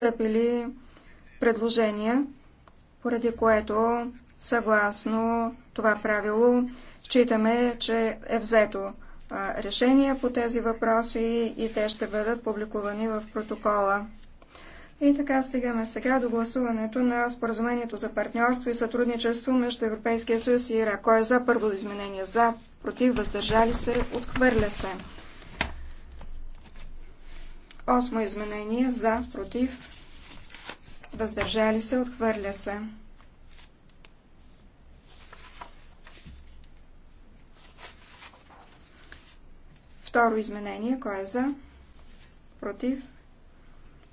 постъпили предложения, поради което съгласно това правило считаме, че е взето решение по тези въпроси и те ще бъдат публикувани в протокола. И така стигаме сега до гласуването на споразумението за партньорство и сътрудничество между Европейския съюз и Ирак. Кой е за първо изменение? За, против, въздържали се, отхвърля се. Осмо изменение за, против, въздържали се, отхвърля се. Второ изменение, кое е за, против,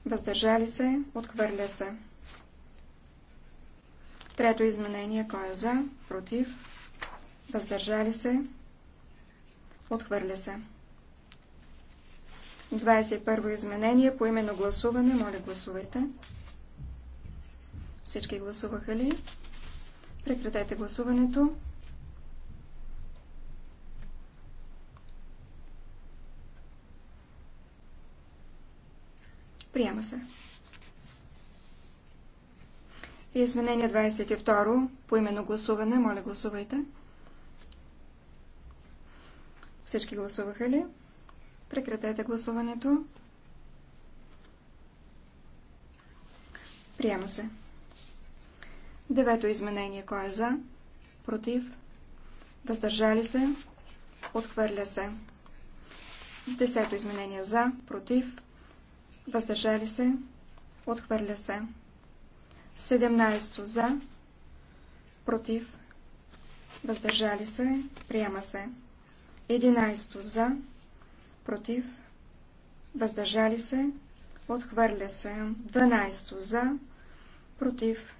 въздържали се, отхвърля се. Трето изменение, кое е за, против, въздържали се, отхвърля се. 21 изменение по именно гласуване. Моля, гласувайте. Всички гласуваха ли? Прекратете гласуването. Приема се. И изменение 22 по именно гласуване. Моля, гласувайте. Всички гласуваха ли? Прекратете гласуването. Приема се. Девето изменение. Кой е за? Против? Въздържали се? Отхвърля се. Десето изменение. За? Против? Въздържали се? Отхвърля се. Седемнайсто. За? Против? Въздържали се? Приема се. Единайсто. За? Против? против, въздържали се, отхвърля се. 12 за, против,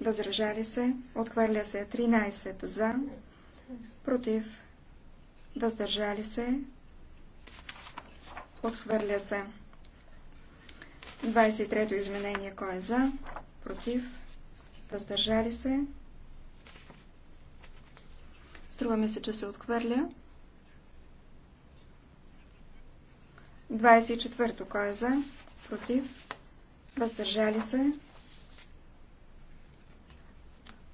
въздържали се, отхвърля се. 13 за, против, въздържали се, отхвърля се. 23-то изменение, кой е за, против, въздържали се. струваме се, че се отхвърля. 24-то. Кой е за? Против? Въздържали се?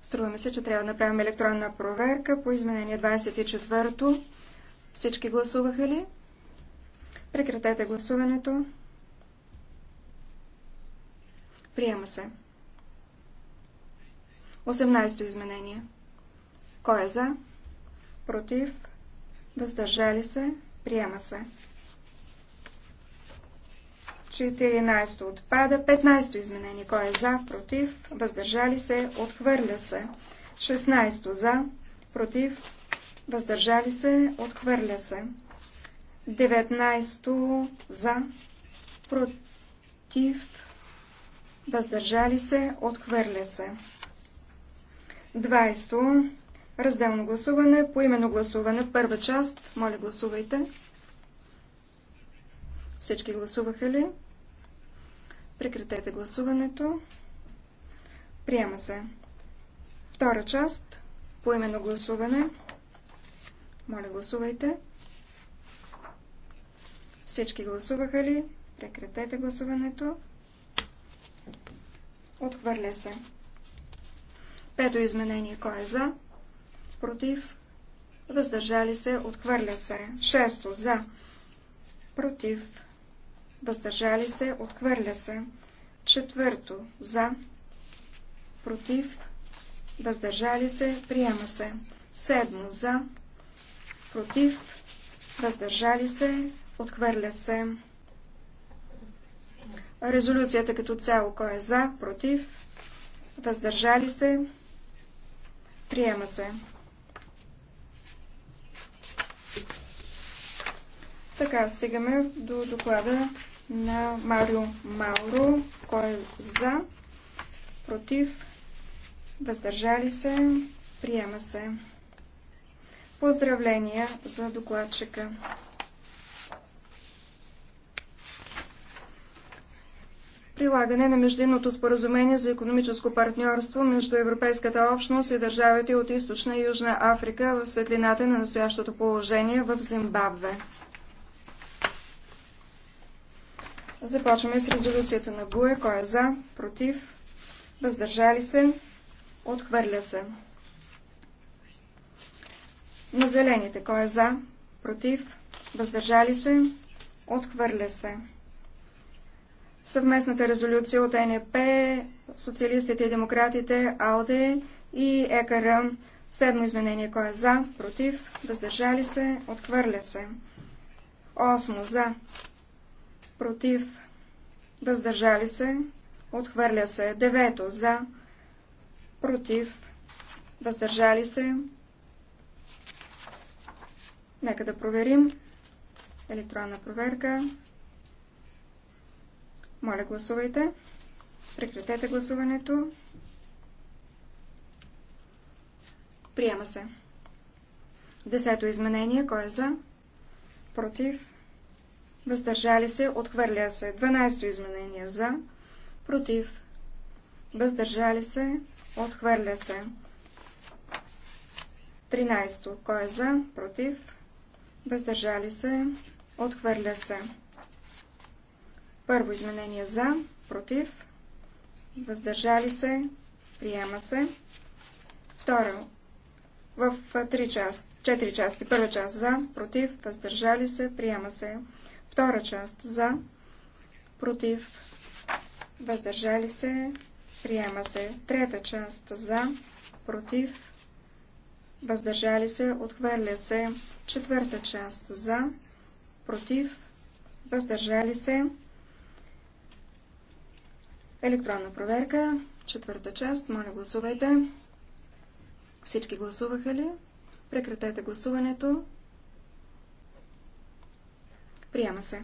струваме се, че трябва да направим електронна проверка по изменение 24-то. Всички гласуваха ли? Прекратете гласуването. Приема се. 18-то изменение. Кой е за? Против? Въздържали се? Приема се. 14 отпада, 15 изменение, кой е за, против, въздържали се, отхвърля се. 16 за, против, въздържали се, отхвърля се. 19 за, против, въздържали се, отхвърля се. 20. Разделно гласуване, поименно гласуване, първа част, моля гласувайте. Всички гласуваха ли? Прекратете гласуването. Приема се. Втора част. По именно гласуване. Моля, гласувайте. Всички гласуваха ли? Прекратете гласуването. Отхвърля се. Пето изменение. Кой е за? Против? Въздържали се? Отхвърля се. Шесто. За. Против? въздържали се, отхвърля се. Четвърто, за, против, въздържали се, приема се. Седмо, за, против, въздържали се, отхвърля се. Резолюцията като цяло, кой е за, против, въздържали се, приема се. Така стигаме до доклада на Марио Мауро, кой е за, против, въздържали се, приема се. Поздравления за докладчика. прилагане на междинното споразумение за економическо партньорство между Европейската общност и държавите от Източна и Южна Африка в светлината на настоящото положение в Зимбабве. Започваме с резолюцията на Буе. Кой е за? Против? Въздържали се? Отхвърля се. На зелените. Кой е за? Против? Въздържали се? Отхвърля се. Съвместната резолюция от НП, социалистите и демократите, АЛДЕ и ЕКР. Седмо изменение. Кой е за? Против? Въздържали се? Отхвърля се. Осмо. За против, въздържали се, отхвърля се. Девето за, против, въздържали се. Нека да проверим. Електронна проверка. Моля, гласувайте. Прекратете гласуването. Приема се. Десето изменение. Кой е за? Против? въздържали се, отхвърля се. 12 изменение за, против, въздържали се, отхвърля се. 13. Кой е за, против, въздържали се, отхвърля се. Първо изменение за, против, въздържали се, приема се. Второ, в три части, четири части. Първа част за, против, въздържали се, приема се. Втора част за, против, въздържали се, приема се. Трета част за, против, въздържали се, отхвърля се. Четвърта част за, против, въздържали се. Електронна проверка, четвърта част, моля гласувайте. Всички гласуваха ли? Прекратете гласуването. Приема се.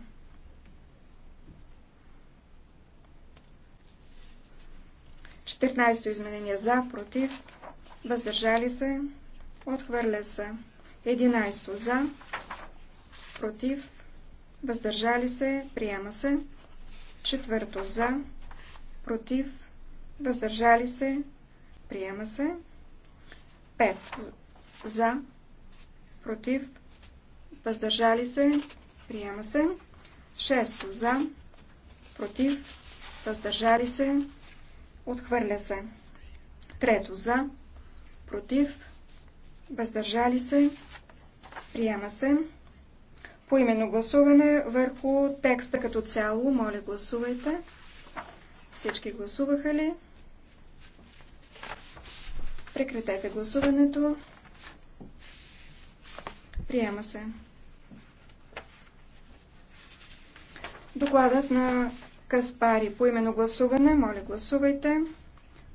Четирнайсто изменение за, против, въздържали се, отхвърля се. Единайсто за, против, въздържали се, приема се. Четвърто за, против, въздържали се, приема се. Пет за, против, въздържали се, Приема се. Шесто за. Против. Въздържали се. Отхвърля се. Трето за. Против. Въздържали се. Приема се. Поименно гласуване върху текста като цяло. Моля, гласувайте. Всички гласуваха ли? Прекратете гласуването. Приема се. Докладът на Каспари по именно гласуване. Моля, гласувайте.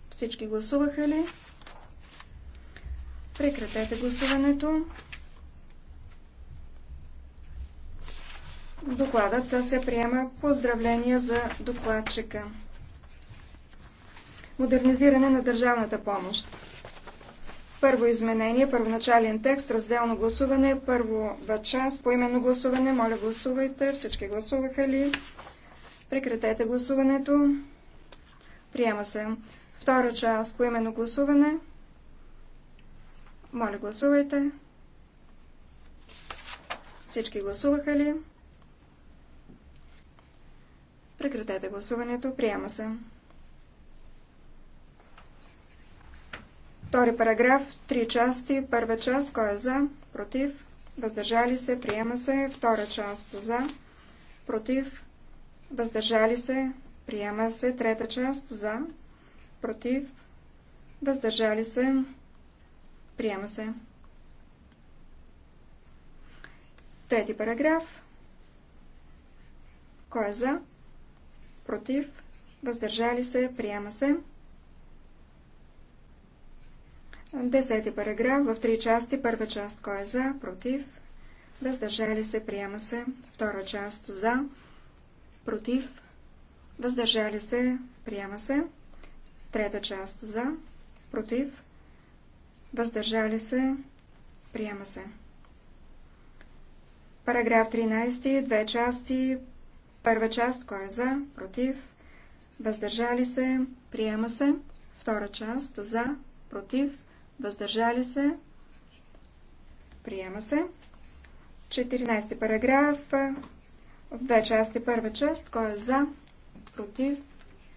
Всички гласуваха ли? Прекратете гласуването. Докладът се приема поздравления за докладчика. Модернизиране на държавната помощ. Първо изменение, първоначален текст, разделно гласуване, първа част, поименно гласуване. Моля гласувайте. Всички гласуваха ли? Прекратете гласуването. Приема се. Втора част, поименно гласуване. Моля гласувайте. Всички гласуваха ли? Прекратете гласуването. Приема се. Втори параграф, три части. Първа част, кой е за, против, въздържали се, приема се. Втора част, за, против, въздържали се, приема се. Трета част, за, против, въздържали се, приема се. Трети параграф. Кой е за? Против? Въздържали се? Приема се. Десети параграф в три части. Първа част кой е за, против, въздържали се, приема се. Втора част за, против, въздържали се, приема се. Трета част за, против, въздържали се, приема се. Параграф 13, две части. Първа част, кой е за, против, въздържали се, приема се. Втора част, за, против, въздържали се, приема се. 14 параграф, в две части, първа част, кой е за, против,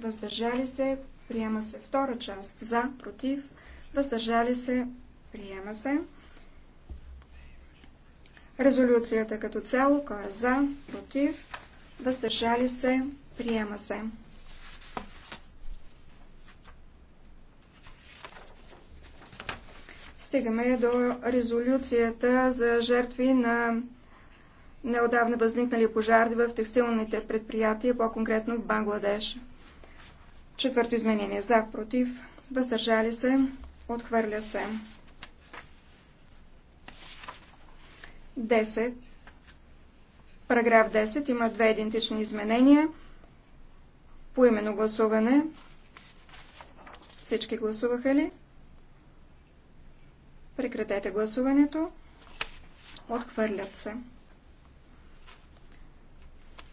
въздържали се, приема се. Втора част, за, против, въздържали се, приема се. Резолюцията като цяло, кой е за, против, въздържали се, приема се. стигаме до резолюцията за жертви на неодавна възникнали пожарди в текстилните предприятия, по-конкретно в Бангладеш. Четвърто изменение. За, против, въздържали се, отхвърля се. 10. Параграф 10 има две идентични изменения. По именно гласуване. Всички гласуваха ли? Прекратете гласуването. Отхвърлят се.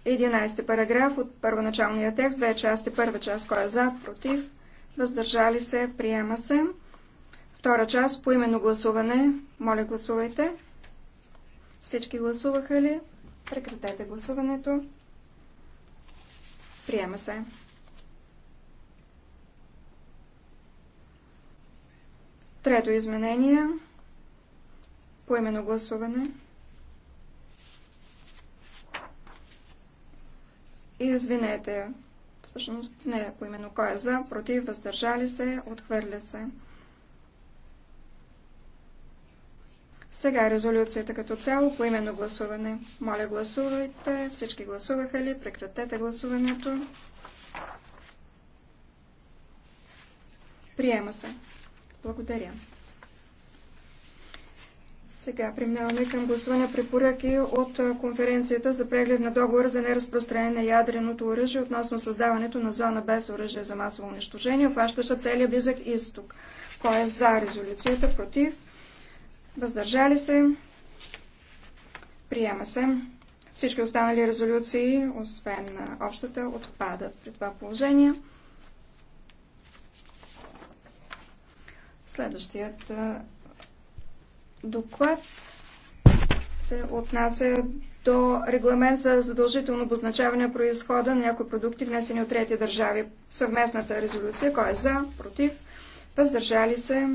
11 параграф от първоначалния текст, две части, първа част, кой е за, против, въздържали се, приема се. Втора част, по именно гласуване, моля гласувайте. Всички гласуваха ли? Прекратете гласуването. Приема се. Трето изменение. Поимено гласуване. Извинете. Всъщност не е поимено. Кой е за, против, въздържали се, отхвърля се. Сега е резолюцията като цяло по именно гласуване. Моля гласувайте. Всички гласуваха ли? Прекратете гласуването. Приема се. Благодаря. Сега преминаваме към гласуване препоръки от конференцията за преглед на договор за неразпространение на ядреното оръжие относно създаването на зона без оръжие за масово унищожение, обхващаща целия близък изток. Кой е за резолюцията? Против? Въздържали се? Приема се. Всички останали резолюции, освен общата, отпадат при това положение. Следващият доклад се отнася до регламент за задължително обозначаване происхода на някои продукти, внесени от трети държави. Съвместната резолюция, кой е за, против, въздържали се,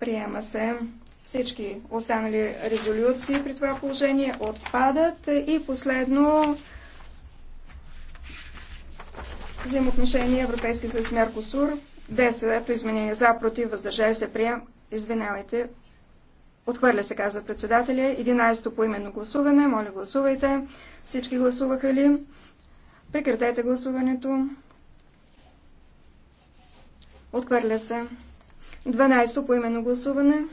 приема се. Всички останали резолюции при това положение отпадат. И последно, взаимоотношение Европейски съюз Меркосур. 10 е, по изменение за, против, въздържали се, прием, Извинявайте. Отхвърля се, казва председателя. 11-то именно гласуване. Моля, гласувайте. Всички гласуваха ли? Прекратете гласуването. Отхвърля се. 12-то именно гласуване.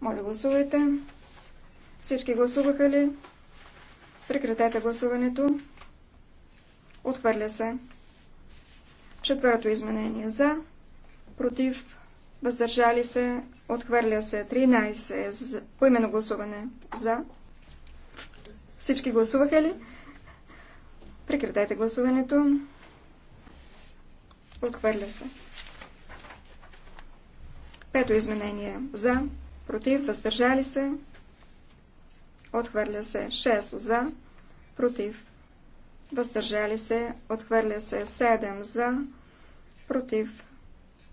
Моля, гласувайте. Всички гласуваха ли? Прекратете гласуването. Отхвърля се. Четвърто изменение за, против, въздържали се, отхвърля се. 13 за, именно гласуване за. Всички гласуваха ли? Прекратете гласуването. Отхвърля се. Пето изменение за, против, въздържали се, отхвърля се. 6 за, против, въздържали се, отхвърля се 7 за, против,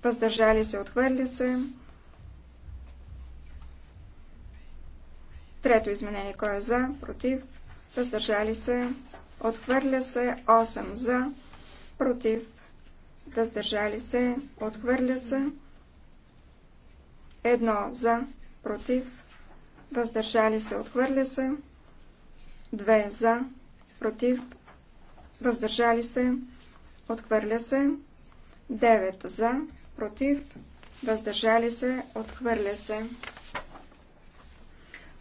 въздържали се, отхвърля се. Трето изменение, кой е за, против, въздържали се, отхвърля се 8 за, против, въздържали се, отхвърля се. Едно за, против, въздържали се, отхвърля се. Две за, против, въздържали се, отхвърля се, 9 за, против, въздържали се, отхвърля се.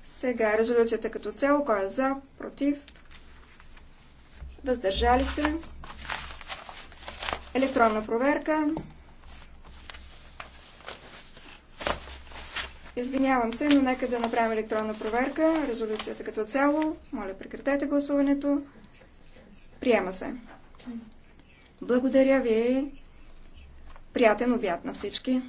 Сега резолюцията като цяло, кой е за, против, въздържали се, електронна проверка. Извинявам се, но нека да направим електронна проверка. Резолюцията като цяло. Моля, прекратете гласуването. Приема се. Благодаря ви. Приятен обяд на всички.